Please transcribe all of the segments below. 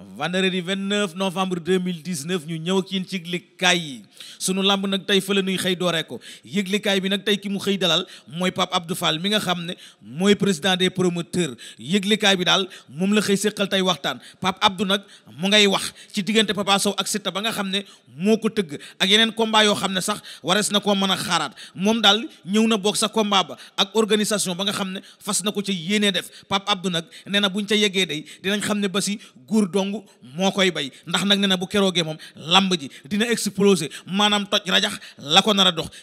vendredi 29 novembre 2019 ñu ñëw ak yéen ci yëglikaay yi sunu lamb nag tey fële nuy xëy dooree ko yëglikaay bi nag tey ki mu xëy dalal mooy Pape Abdou mi nga xam ne mooy président des promoteurs kaay bi daal moom la xëy séqal tey waxtaan Pape Abdou nag mu ngay wax ci diggante Papa Sow ak Siteu ba nga xam ne moo ko tëgg ak yeneen combat yoo xam ne sax warees na koo mën a xaaraat moom daal ñëw na bokk sa combat ba ak organisation ba nga xam ne fas na ko ca yéenee def Pape Abdou nag nee na buñ ca yeggee day dinañ xam ne ba dong moo koy bay ndax nag nee na bu keroogee moom lamb ji dina exploser maanaam toj rajax la ko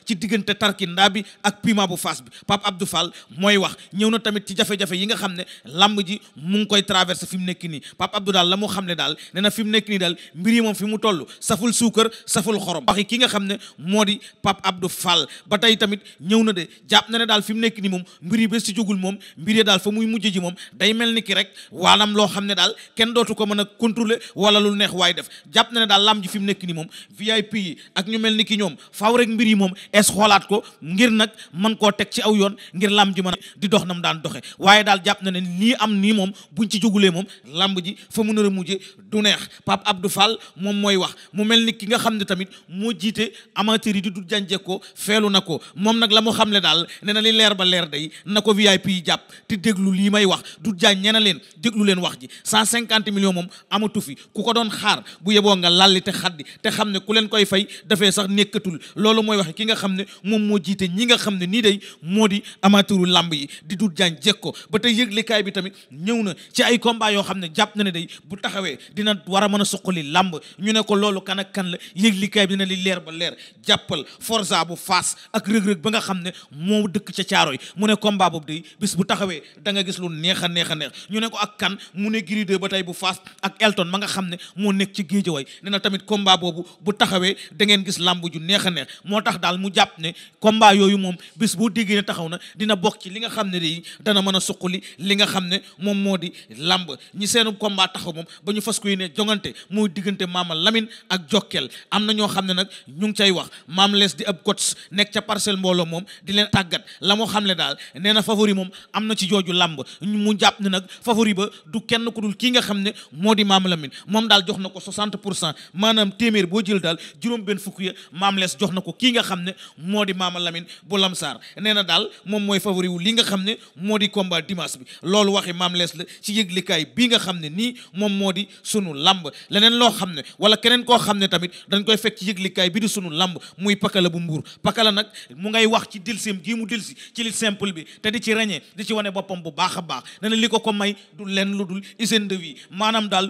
ci diggante tarkindaa bi ak piment bu faas bi Pape Abdou Fall mooy wax ñëw na tamit ci jafe-jafe yi nga xam ne lamb ji mu ngi koy traversé fi mu nekk nii Pape Abdou daal la mu xam ne daal nee na fi mu nekk nii daal mbir yi moom fi mu toll saful suukar saful xorom waxi ki nga xam ne moo di Pape Abdou Fall ba tey tamit ñëw na de jàpp na ne daal fi mu nekk nii moom mbir yi bés ci jógul moom mbir yi daal fa muy mujj ji moom day mel ni ki rek waanam loo xam ne daal kenn dootu ko mën a contrôler wala lu neex waay def jàpp na ne daal lam ji fi mu nekk nii moom VIP yi ak ñu mel ni ki ñoom faaw rek mbir yi moom es xoolaat ko ngir nag man koo teg ci aw yoon ngir lam ji mën di dox nam daan doxe waaye daal jàpp na ne nii am nii moom buñ ci jógulee moom lamb ji fa mu nar a mujje du neex Pape Abdou Fall moom mooy wax mu mel ni ki nga xam ne tamit moo jiite amateur yi di du jànjeekoo feelu na ko moom nag la mu xamle daal ne na li leer ba leer day na ko VIP yi jàpp te déglu lii may wax du jànjee na leen déglu leen wax ji cent cinquante millions moom amatu fi ku ko doon xaar bu yeboo nga lalli te xaddi te xam ne ku leen koy fay dafay sax nekkatul loolu mooy wax ki nga xam ne moom moo jiite ñi nga xam ne nii day moo di amateuru làmb yi di dut jaan jekk ko ba tey yëglekaay bi tamit ñëw na ci ay combat yoo xam ne jàpp na ne day bu taxawee dina war a mën a suqali lamb ñu ne ko loolu kan kan la yëglekaay bi dina li leer ba leer jàppal forsa bu faas ak rëg-rëg ba nga xam ne moo dëkk ca caaro yi mu ne combat boobu day bis bu taxawee da nga gis lu neex a neex a neex ñu ne ko ak kan mu ne giri ba tey bu faas ak Elton ma nga xam ne moo nekk ci géejawaay nee na tamit combat boobu bu taxawee da gis làmb ju neex neex moo tax daal mu jàpp ne combat yooyu moom bis boo déggee taxaw na dina bokk ci li nga xam ne de dana mën a suqali li nga xam ne moom moo di làmb ñi seenu combat taxaw moom ba ñu fas ko yéene jongante muy diggante Mama Lamine ak Jokkel am na ñoo xam ne nag ñu ngi cay wax Mame Less di ab coach nekk ca parcelle mbooloo moom di leen tàggat la moo xam ne daal nee na moom am na ci jooju làmb mu jàpp ne nag favori ba du kenn ku kii nga xam ne moo di maam Lamine moom daal jox na ko 60 pour cent maanaam téeméer boo jël daal juróom benn fukk ya maam lees jox na ko kii nga xam ne moo di maam Lamine bu Lamsaar nee daal moom mooy favori wu li nga xam ne moo di combat dimanche bi loolu waxi maam lees la ci yëglikaay bii nga xam ne nii moom moo di sunu lamb leneen loo xam ne wala keneen koo xam ne tamit dañ koy fekk ci yëglikaay bi di sunu lamb muy pakala bu mbuur pakala nag mu ngay wax ci dilsim gii mu dilsi ci li simple bi te di ci di ci wane boppam bu baax a baax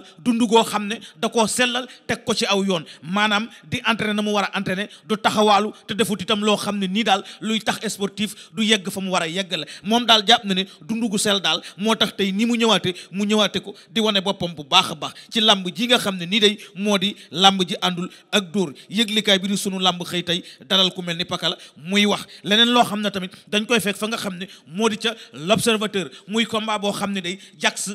sellal dund goo xam ne da koo sellal teg ko ci aw yoon maanaam di entraîner na mu war a entraîner du taxawaalu te defut itam loo xam ne nii daal luy tax sportif du yegg fa mu war a yegg la moom daal jàpp na ne dund gu sell daal moo tax tey ni mu ñëwaate mu ñëwaate ko di wane boppam bu baax a baax ci làmb ji nga xam ne nii day moo di làmb ji àndul ak dóor yëglikaay bi di sunu làmb xëy tey dalal ku mel ni pakala muy wax leneen loo xam ne tamit dañ koy fekk fa nga xam ne moo di ca l'observateur muy combat boo xam ne day jax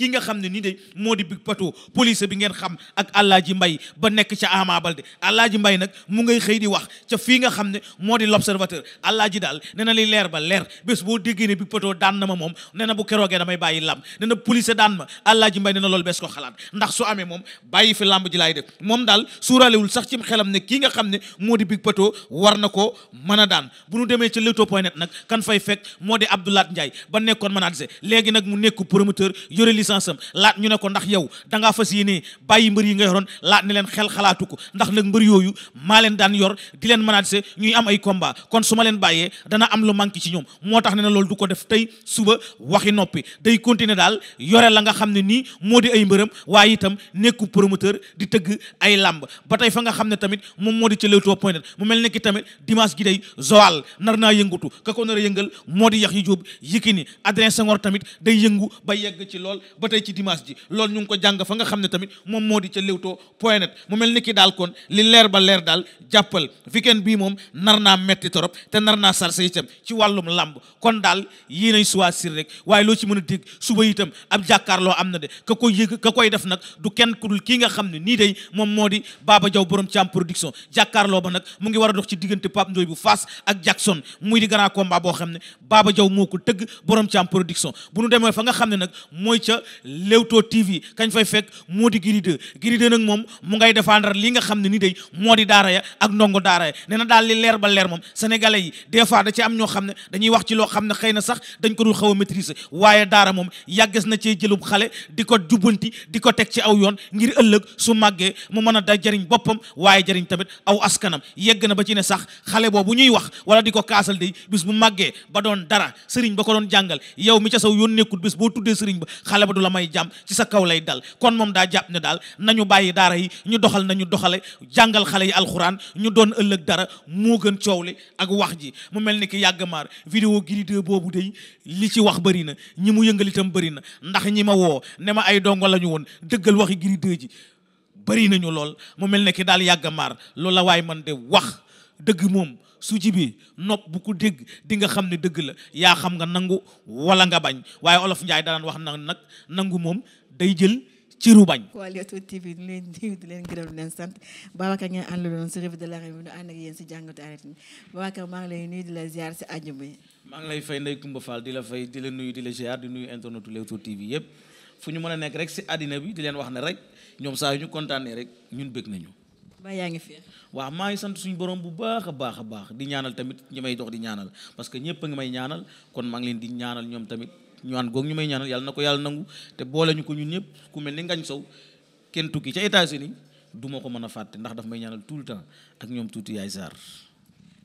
kii nga xam ne nii de moo di big pato police bi ngeen xam ak Alaaji Mbay ba nekk ca Ama Baldé Alaaji Mbay nag mu ngay xëy di wax ca fii nga xam ne moo di l'observateur Alaaji daal nee na li leer ba leer bés boo déggee ne big pato daan na ma moom nee na bu keroogee damay bàyyi làmb nee na police daan ma Alaaji Mbay nee na loolu bes ko xalaat ndax su amee moom bàyyi fi làmb ji laay def moom daal suuraalewul sax ci xelam ne kii nga xam ne moo di big pato war na ko a daan bu ñu demee ca leewtoo point net kan fay fekk moo di Abdoulaat Ndiaye ba nekkoon manager léegi nag nekk promoteur yore li puissance am laat ñu ne ko ndax yow dangaa fas yéene bàyyi mbër yi nga yoroon yor di leen menacer ñuy am ay combat kon su ma leen bàyyee dana am lu manqué ci ñoom moo tax ne na loolu du ko def tey suba waxi noppi day continuer daal yore la nga xam ne nii moo di ay mbërëm waaye itam nekku promoteur di tëgg ay làmb ba tey fa nga xam ne tamit moom moo di ca Leewtoo point net mu mel nekki tamit dimanche gi day Joal nar naa yëngutu ka ko nar a yëngal moo di Yaxya Jóob Yékini Adrien Senghor tamit day yëngu ba yegg ci ba tey ci dimanche ji loolu ñu ngi ko jàng fa nga xam ne tamit moom moo di ca Leewtoo point mu mel ni ki daal kon li leer ba leer daal jàppal weekend bii moom nar naa metti torop te nar naa sarse itam ci wàllum làmb kon daal yii nañ choisir rek waaye loo ci mën a dégg suba itam ab jàkkaarloo am na de ka koy yëg ka koy def nag du kenn ku kii nga xam ne nii day moom moo di Baba Jaw borom Thiam production jàkkaarloo ba nag mu ngi war a dox ci diggante Pape Ndoye bu Fass ak Jackson muy di grand combat boo xam ne Baba Jaw moo ko tëgg borom Thiam production bu nga xam ne nag mooy la Leewtoo TV kañ fay fekk moo di Gris 2 Gris 2 nag moom mu ngay défendre li nga xam ne ni day moo di daara ya ak ndongo daara ya nee na daal li leer ba leer moom sénégalais yi des fois da ci am ñoo xam ne dañuy wax ci loo xam ne xëy na sax dañ ko dul xaw a maîtriser waaye daara moom yàgges na cee jëlum xale di ko jubbanti di ko teg ci aw yoon ngir ëllëg su màggee mu mën a da jariñ boppam waaye jariñ tamit aw askanam yegg na ba ci ne sax xale boobu ñuy wax wala di ko kaasal day bis bu màggee ba doon dara sëriñ ba ko doon jàngal yow mi ca saw yoon nekkul bis boo sëriñ ba du la may jàmm ci sa kaw lay dal kon moom daa jàpp ne daal nañu bàyyi daara yi ñu doxal nañu doxale jàngal xale yi alxuraan ñu doon ëllëg dara moo gën coow li ak wax ji mu mel ni ki yàgg maar vidéo Gris boobu day li ci wax bëri na ñi mu yëngal itam bëri na ndax ñi ma woo ne ma ay dongo lañu woon dëggal waxi Gris 2 ji bëri nañu lool mu mel ne ki daal yàgg maar loolu waaye man de wax dëgg moom su jibee nopp bu ko dégg di nga xam ne dëgg la yaa xam nga nangu wala nga bañ waaye olof Njaay daan wax na nag nangu moom day jël ciru bañ. waa Leewtoo TV di sant Babacar ngeen àndaloon si revue de l'arène bi nu ànd ak yéen si jàngatu arène maa ngi lay nuyu di la ziar lay fay Ndeye Coumba di la fay di la nuyu di la ziar di nuyu internetu Leewtoo TV yëpp fu ñu mën a nekk rek si àddina bi di leen wax na rek ñoom saa yu ñu kontaanee rek ñun bëgg nañu. ba yaa ngi fi. waaw maa ngi sant suñu borom bu baax a baax a baax di ñaanal tamit ñi may dox di ñaanal parce que ñëpp a ngi may ñaanal kon maa ngi leen di ñaanal ñoom tamit ñu ànd goog ñu may ñaanal yàlla na ko yàlla nangu te boole ñu ko ñun ñëpp ku mel ni ngañ Sow kenn tukki ca États-Unis du ko mën a fàtte ndax daf may ñaanal tout le temps ak ñoom tuuti yaay Sarr.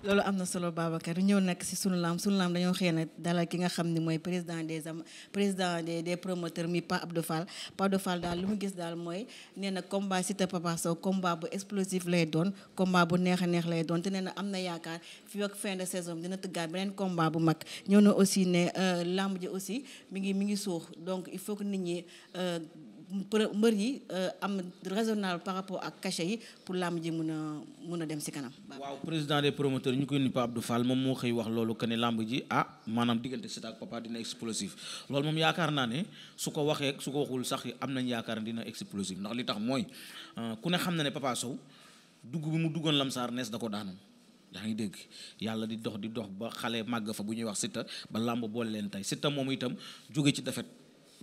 loolu am na solo Babacar ñëw nag si sunu laam sunu laam dañoo xëy na dalal ki nga xam ni mooy président des am président des des promoteurs mi Pa Abdou Fall Pa Fall daal lu mu gis daal mooy nee na combat Siteu Papa Sow combat bu explosif lay doon combat bu neex a neex lay doon te nee am na yaakaar fii ak fin de saison dina tëggaat beneen combat bu mag ñëw na aussi ne euh, làmb ji aussi mi ngi mi ngi suux donc il faut que nit ñi. Euh, mbër yi euh, am raisonnable par rapport ak cachet yi pour làmb ji mën a mën a dem si kanam. waaw président des promoteurs ñu koy nuyu Pape Abdou moom moo xëy wax loolu que ne làmb ji ah maanaam diggante Siteu ak Papa dina explosif loolu moom yaakaar naa ne su ko waxee su ko waxul sax am nañ yaakaar dina explosif ndax li tax mooy euh, ku ne xam na ne Papa Sow dugg bi mu duggoon Lamsaar nees da ko daanoon. yaa ngi dégg yàlla di dox di dox ba xale màgg fa bu ñuy wax Siteu ba làmb boole leen tey Siteu moom itam jóge ci defet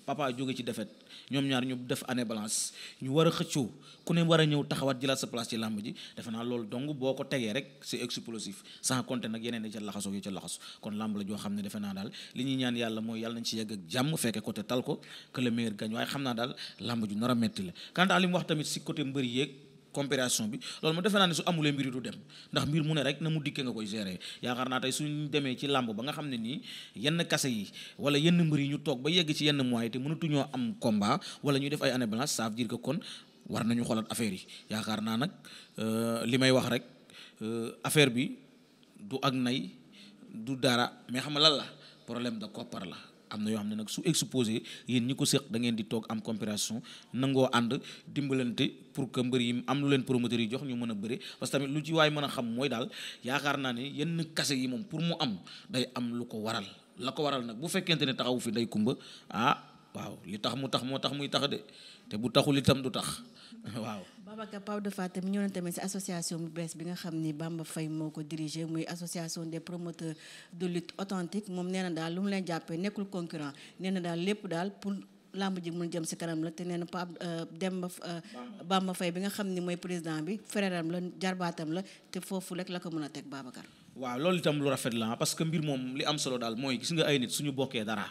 papa jóge ci defet ñoom ñaar ñu def année balance ñu war a xëccoo ku ne war a ñëw taxawaat jëlaat sa place ci làmb ji defe naa loolu dong boo ko tegee rek c'est explosif sans compter nag yeneen yi ca laxasoo yi ca laxasu kon làmb la joo xam ne defe naa daal li ñuy ñaan yàlla mooy yàlla nañ ci yegg ak jàmm fekke côté tal ko que le meilleur gagne waaye xam naa daal làmb ju nar a metti la quant à wax tamit si côté mbër yéeg comparaison bi loolu ma defe naa ne su amulee mbir du dem ndax mbir mu ne rek na mu dikkee nga koy gérer yaakaar naa tey suñ demee ci làmb ba nga xam ne nii yenn kase yi wala yenn mbër yi ñu toog ba yegg ci yenn mois te mënatuñoo am combat wala ñuy def ay année blanche ça veut dire que kon war nañu xoolaat affaire yi yaakaar naa nag euh, li may wax rek euh, affaire bi du ak nay du dara mais xam nga la problème de koppar la am na yoo xam ne nag su exposé yéen ñi ko séq da ngeen di toog am comparaison nangoo ànd dimbalante pour que mbër yi am lu leen promoteur yi jox ñu mën a bëre parce que tamit lu ci waay mën a xam mooy daal yaakaar naa ne yenn kase yi moom pour mu am day am lu ko waral la ko waral nag bu fekkente ne taxawu fi nday kumba ah waaw li tax mu tax moo tax muy tax de te bu taxul itam du tax waaw Babacar Paw Dafa tamit ñëw na tamit si association bu bees bi nga xam ni Bamba Faye moo ko dirigé muy association des promoteurs de lutte authentique moom nee na daal lu mu leen jàppee nekkul concurrent nee na daal lépp daal pour làmb ji mun jëm si kanam la te nee na Pape euh, Demba euh, Bamba Faye bi nga xam ni mooy président bi frère am la jarbaatam la te foofu rek la ko mën a teg Babacar. waaw loolu itam lu rafet la parce que mbir moom li am solo daal mooy gis nga ay nit ñu bokkee dara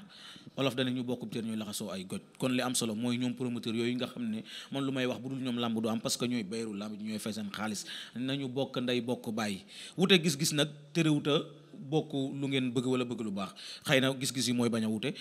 olof dana ñu bokku teel ñooy laxasoo ay goj kon li am solo mooy ñoom promoteur yooyu nga xam ne man lu may wax bu dul ñoom làmb du am parce que ñooy bayeru làmb ji ñooy fay seen xaalis nañu bokk nday bokk bàyyi wute gis bokk lu ngeen bëgg wala bëgg lu baax xëy na gis-gis yi mooy bañ a wute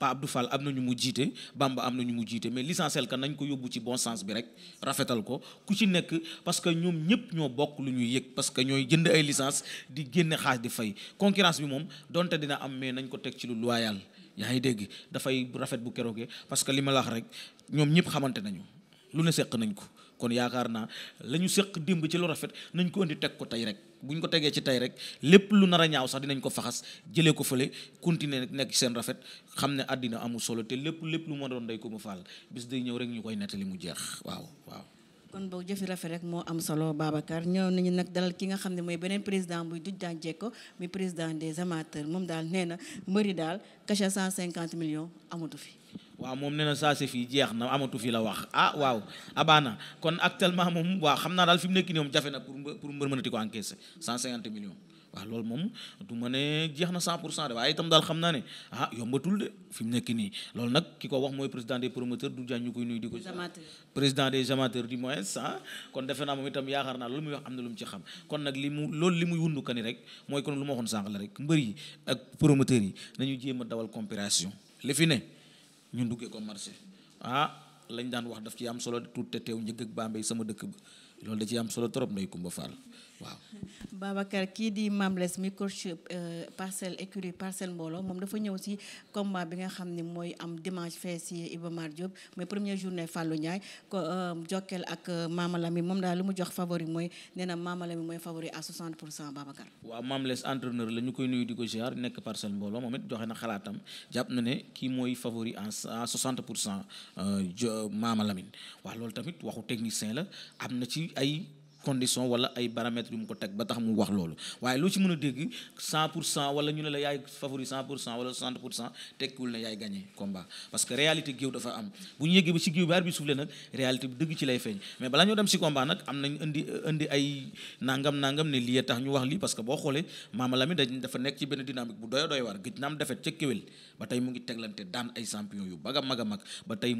Pa Abdou Fall am na ñu mu jiite Bamba am na ñu mu jiite mais l'essentiel que nañ ko yóbbu ci bon bi rek rafetal ko ku ci nekk parce que ñoom ñëpp ñoo bokk lu yëg parce que ñooy jënd ay licence di génne xaalis di fay concurrence bi moom donte dina am mais nañ ko teg ci lu loyal yaa ngi dégg dafay rafet bu keroogee parce que li ma la rek ñoom ñëpp xamante nañu lu seq nañ ko kon yaakaar naa la ñu seq démb ci lu rafet nañ ko indi teg ko tey rek bu ñu ko tegee ci tey rek lépp lu nar a ñaaw sax dinañ ko faxas jëlee ko fële continuer nekk seen rafet xam ne àddina amul solo te lépp lépp lu ma doon day ko mu faal bis day ñëw rek ñu koy nettali mu jeex waaw waaw. kon boo jëfi rafet rek moo am solo Babacar ñëw nañu nag dalal ki nga xam ne mooy beneen président buy duj daan jekko mi président des amateurs moom daal nee na mbëri daal cent cinquante million amatu fi. waaw moom nee na saa si fii jeex na amatu fi la wax ah waaw abaana kon actuellement moom waa xam naa daal fi mu nekk nii moom jafe na pour pour mbër mënati ko encaisser cent cinquante millions waaw moom du ma ne jeex na cent pour cent de waaye itam daal xam naa ne ah yombatul de fi mu nekk nii loolu nag ki ko wax mooy président des promoteurs du jaan ñu koy nuyu di ko président des amateurs du moins ah kon defe naa moom itam yaakaar naa loolu muy wax am na lu ci xam kon nag li mu loolu li muy wundu ka ni rek mooy kon lu ma waxoon sànq la rek mbër yi ak promoteurs yi nañu jéem a dawal comparaison li fi ne ñu duggee ko marché ah lañ daan wax daf ci am solo tuut te teew njëg ak Bambey sama dëkk ba loolu da ci am solo trop ndey Kumba Fall waaw Babacar kii di Mamles microchip euh, parcelle écurie parcelle mbooloo moom dafa ñëw si combat bi nga xam ne mooy am dimanche fee si Iba Mar Diop mooy première journée Fallou Ndiaye ko euh, Jokkel ak euh, Mama Lamine moom daal lu mu jox favori mooy nee na Mama Lamine mooy favori à 60 pour cent Babacar. waaw Mamles entraîneur la ñu koy nuyu di ko ziar nekk parcelle mbooloo moom it joxe na xalaatam jàpp na ne kii mooy favori en 60 pour cent Mama Lamine waaw loolu tamit waxu technicien la am na ci ay. condition wala ay paramètres yu mu ko teg ba tax mu wax loolu waaye loo ci mën a dégg cent pour cent wala ñu ne la yaay favori cent pour cent wala soixante pour cent tekkiwul ne yaay gagné combat parce que réalité géew dafa am bu ñu yéggee ba ci géew bi arbitre bi soufflé nag boo xoolee Mama Lamine dañ mu ngi teglante a mag ba tey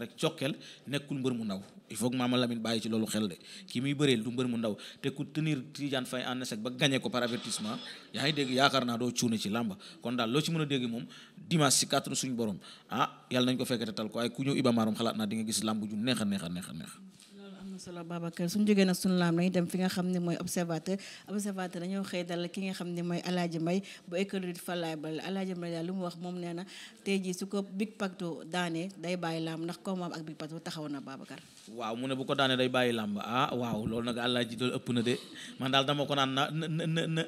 rek jokkeel nekkul mbër mu ndaw ndaw il faut que Mama Lamine bàyyi ci loolu xel de ki muy bëreel du mbër mu ndaw te ku tenir Tidiane Faye en échec ba gagné ko par avertissement yaa ngi dégg yaakaar naa doo cuune ci làmba kon daal loo ci mën a dégg moom dimanche si kàttanu suñu borom ah yàlla nañ ko fekkete tal ko ku ñëw Iba xalaat naa di gis làmb ju neex a neex a neex a solo Babacar suñu jógee nag suñu laam nañu dem fi nga xam ne mooy observateur observateur dañoo xëy dal ki nga xam ne mooy Alaaji Mbay bu école di Falaye Bal Alaaji Mbay daal lu mu wax moom neena tey jii su ko Big Pato daanee day bàyyi laam ndax combat ak Big Pato taxaw na Babacar waaw mu ne bu ko daanee day bàyyi làmb ah waaw loolu nag àllaa ji doolu ëpp na de man daal dama ko naan na na na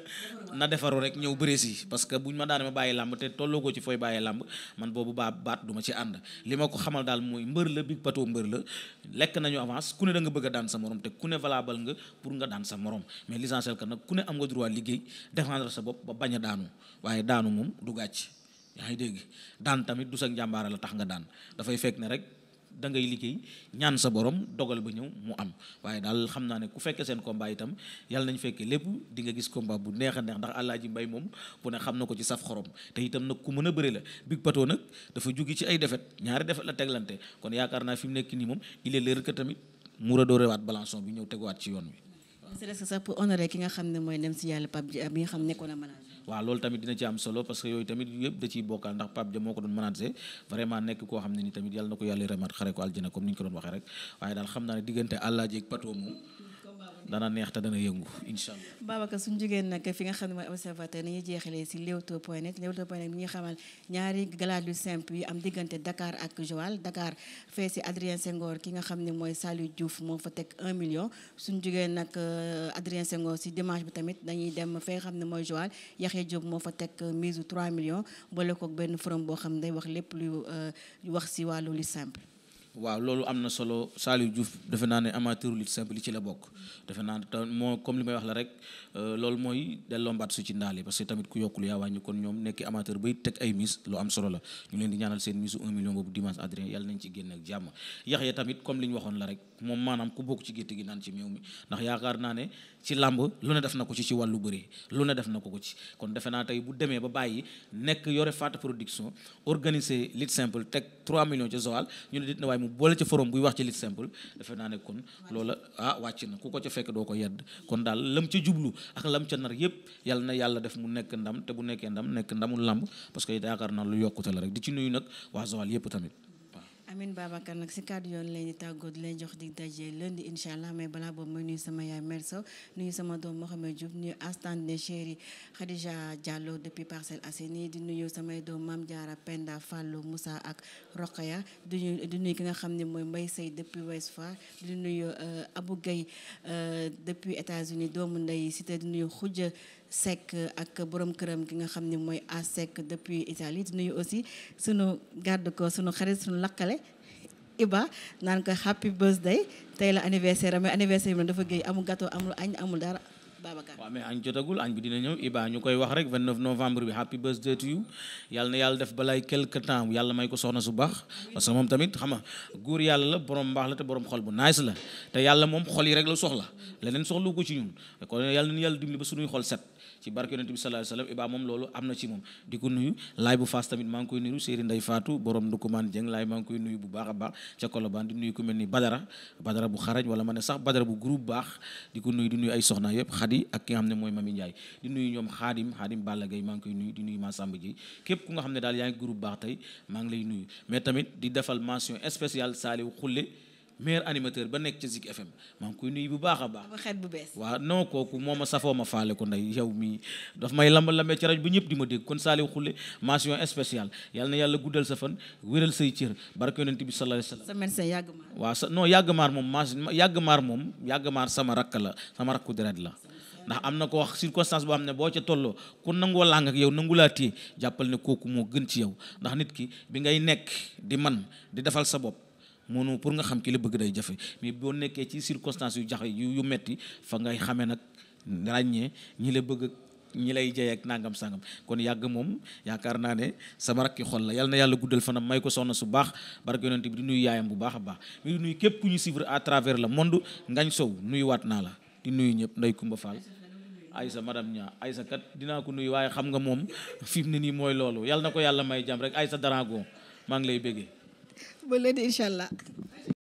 na defaru rek ñëw bëree si parce que buñ ma daanee ma bàyyi làmb te tolloo ko ci fooy bàyyi làmb man boobu baa baat du ci ànd li ma ko xamal daal mooy mbër la bi pato mbër la lekk nañu avance ku ne da nga bëgg daan sa morom te ku ne valable nga pour nga daan sa morom mais l'essentiel que nag ku ne am nga droit liggéey défendre sa bopp ba bañ a daanu waaye daanu moom du yaa ngi dégg daan tamit du sa njàmbaara la tax nga daan dafay fekk ne rek da ngay liggéey ñaan sa borom dogal ba ñëw mu am waaye daal xam naa ne ku fekkee seen combat itam yàlla nañu fekkee lépp di nga gis combat bu neex a neex ndax àllaaji Mbay moom bu ne xam na ko ci saf xorom te itam nag ku mën a bëri la Big Pato nag dafa jóge ci ay defet ñaari defet la teglante kon yaakaar naa fi mu nekk nii moom il est l'heure que tamit mu radoore waat bi ñëw teguwaat ci yoon wi c'est ça pour honorer ki nga xam ne mooy dem si yàlla Pape bi nga xam nekkoon na manager. waaw loolu tamit dina ci am solo parce que yooyu tamit yëpp da ciy bokkaal ndax Pape Dia moo ko doon manager vraiment nekk koo xam ne ni tamit yàlla na ko yàlla remat xare ko aljana comme ni ko doon waxee rek waaye daal xam naa ne diggante àllaaji ak patoo moom dana neex te dana yëngu incha allah. Babacar suñu jógee nag fi nga xam ne mooy observateur nañu jeexalee si Leewtoo point net Leewtoo point bi ñuy xamal ñaari galaat du simple yu am diggante dakaar ak Joal dakaar fee si Adrien Senghor ki nga xam ne mooy Saliou Diouf moo fa teg 1 million suñu jógee nag euh, Adrien Senghor si dimanche bi tamit dañuy dem fee xam ne mooy Joal Yaxya Diop moo fa teg euh, mise 3 millions boole koog benn forum boo xam ne day wax lépp lu euh, wax si wàllu lu simple. waaw loolu am na solo Saliou Diouf defe naa ne amateur lutte simple ci la bokk defe naa ne moo comme li may wax la rek euh, loolu mooy delloo mbaat su ci ndaale parce que tamit ku yokkul yaa wàññi kon ñoom nekk amateur bay teg ay mis lu am solo la ñu leen di ñaanal seen misu 1 million boobu dimanche Adrien yàlla nañ ci génn ak jàmm yax ya tamit comme li ñu waxoon la rek moom maanaam ku bokk ci gétt gi naan ci meew mi ndax yaakaar naa ne ci làmb lu def na ko ci ci wàllu bëri lu ne def na ko ko ci kon defe naa tey bu demee ba bàyyi nekk yore Faata production organiser lit simple teg 3 millions ci Joal ñu ne dit na waaye mu boole ci forum buy wax ci lit simple defe naa ne kon loola ah wàcc na ku ko ca fekk doo ko yedd kon daal lam ca jublu ak lam ca nar yëpp yàlla na yàlla def mu nekk ndam te bu nekkee ndam nekk ndamul làmb parce que yaakaar naa lu yokkute la rek di ci nuyu nag waa yëpp tamit amin Babacar nag si kàddu yoon leen di tàggoo di leen jox dig daje lundi incha allah mais balaa boobu mooy nuyu sama yaay Mère Sow nuyu sama doom moo Mohamed Diouf nuyu Astane de chéri Khadija Diallo depuis Parcelles nii di nuyu samay doom Mame Diarra Penda Fallou musa ak Rokhaya di nuyu di nuyu ki nga xam ne mooy mbay Seye depuis West Foire di nuyu euh, Abou Gueye euh, depuis États-Unis doomu ndey Cité di nuyu Khoudia. Seck ak borom këram gi nga xam ne mooy A Seck depuis Italie di nuyu aussi sunu garde ko sunu xarit sunu lakkale Iba naan ko happy birthday tey la anniversaire mais anniversaire bi dafa géey amul gâteau amul añ amul dara. Babacar mais añ jotagul añ bi dina ñëw Iba ñu koy wax rek 29 novembre bi happy birthday to you yàlla na yàlla def balaay quelque temps yàlla may ko soxna su baax parce que moom tamit xam nga góor yàlla la borom mbaax la te borom xol bu nice la te yàlla moom xol yi rek la ci barke yonent bi sallallahu alayhi wasallam ibaa moom loolu am na ko nuyu laay bu faas tamit maa ngi koy nuyu Serigne Ndeye Fatou borom Ndukumaan Jeng laay maa ngi koy nuyu bu baax a baax ca Colobane di nuyu ku mel ni Badara Badara bu xarañ wala ma ne sax Badara bu groupe baax di ko nuyu di nuyu ay soxna yëpp Xadi ak ki nga xam ne mooy Mami Ndiaye di nuyu ñoom Xaadim Xaadim Balla Gaye maa ngi koy nuyu di nuyu Massamba Dieye képp ku nga xam ne daal yaa ngi groupe baax tey maa ngi lay nuyu mais tamit di defal mention spéciale Saliou Khoule meilleur animateur ba nekk ca Zik FM maa ngi koy bu baax a baax. ba xet bu bees. waaw non kooku moo ma safoo ma faale ko ndey yow mii daf may lamba lambee ci rajo ba ñëpp di ma dégg kon Saliou Khoule mention spéciale yal na yàlla guddal sa fan wéral say cër barke yonent bi sallallahu alayhi wasallam. sa médecin yàgg maar. waaw sa non yàgg maar moom ma yàgg maar moom yàgg maar sama rakk la sama rakku deret la. ndax am na ko wax circonstance boo am ne boo ca tolloo ku nangoo làng ak yow nangu laa téye jàppal ne kooku moo gën ci yow ndax nit ki bi ngay nekk di man di defal sa bopp munu pour nga xam ki la bëgg day jafe mais boo nekkee ci circonstances yu jaxe yu metti fa ngay xamee nag ràññee ñi la bëgg ñi lay jey ak nangam sangam kon yàgg moom yaakaar naa ne sama rakki xol la yal na yàlla guddal fanam may ko soxna su baax barke yonent bi di nuyu yaayam bu baax a baax mi di nuyu képp ku ñu suivre à travers le monde ngañ sow nuyu waat naa la di nuyu ñëpp nday Kumba Fall Aïssa madame ñaa Aïssa kat dinaa ko nuyu waaye xam nga moom fii mu ne nii mooy loolu yal na ko yàlla may jàmm rek Aïssa Darago maa ngi lay béggee ba lundi incha allah.